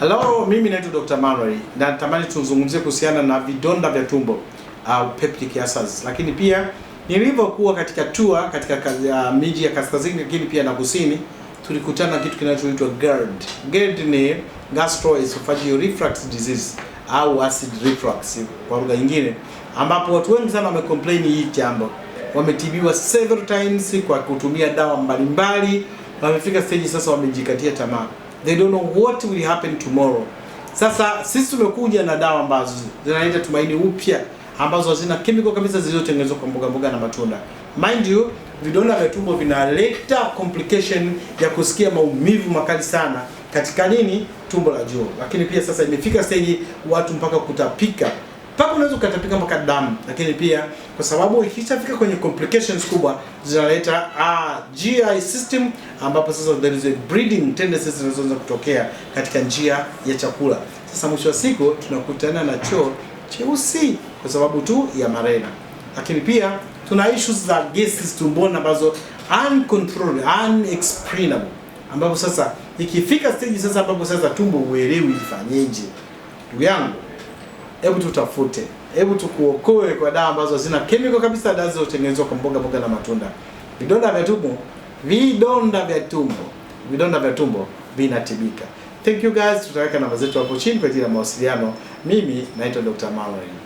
Hello, mimi naitwa Dr. Manuel na natamani tuzungumzie kuhusiana na vidonda vya tumbo au uh, peptic ulcers. Lakini pia nilivyokuwa katika tour katika uh, miji ya kaskazini lakini pia na kusini tulikutana kitu kinachoitwa GERD. GERD ni gastroesophageal reflux disease au acid reflux kwa lugha nyingine, ambapo watu wengi sana wamecomplain hii jambo, wametibiwa several times kwa kutumia dawa mbalimbali, wamefika stage sasa wamejikatia tamaa they don't know what will happen tomorrow. Sasa sisi tumekuja na dawa ambazo zinaleta tumaini upya ambazo hazina chemical kabisa zilizotengenezwa kwa mboga mboga na matunda. Mind you, vidonda vya tumbo vinaleta complication ya kusikia maumivu makali sana katika nini tumbo la juu, lakini pia sasa imefika stage watu mpaka kutapika. Mpaka unaweza ukatapika mpaka damu, lakini pia kwa sababu ikishafika kwenye complications kubwa zinaleta uh, ah, GI system ambapo sasa there is a breeding tendencies zinazoanza kutokea katika njia ya chakula. Sasa mwisho wa siku tunakutana na choo cheusi kwa sababu tu ya marena, lakini pia tuna issues za gases tumboni ambazo uncontrolled, unexplainable, ambapo sasa ikifika stage sasa ambapo sasa tumbo uelewi ifanyeje, ndugu yangu hebu tutafute, hebu tukuokoe kwa dawa ambazo zina kemiko kabisa, dawa zilizotengenezwa kwa mboga mboga na matunda. Vidonda vya tumbo, vidonda vya tumbo, vidonda vya tumbo vinatibika. Thank you guys, tutaweka namba zetu hapo chini kwa ajili ya mawasiliano. Mimi naitwa Dr. Mallory.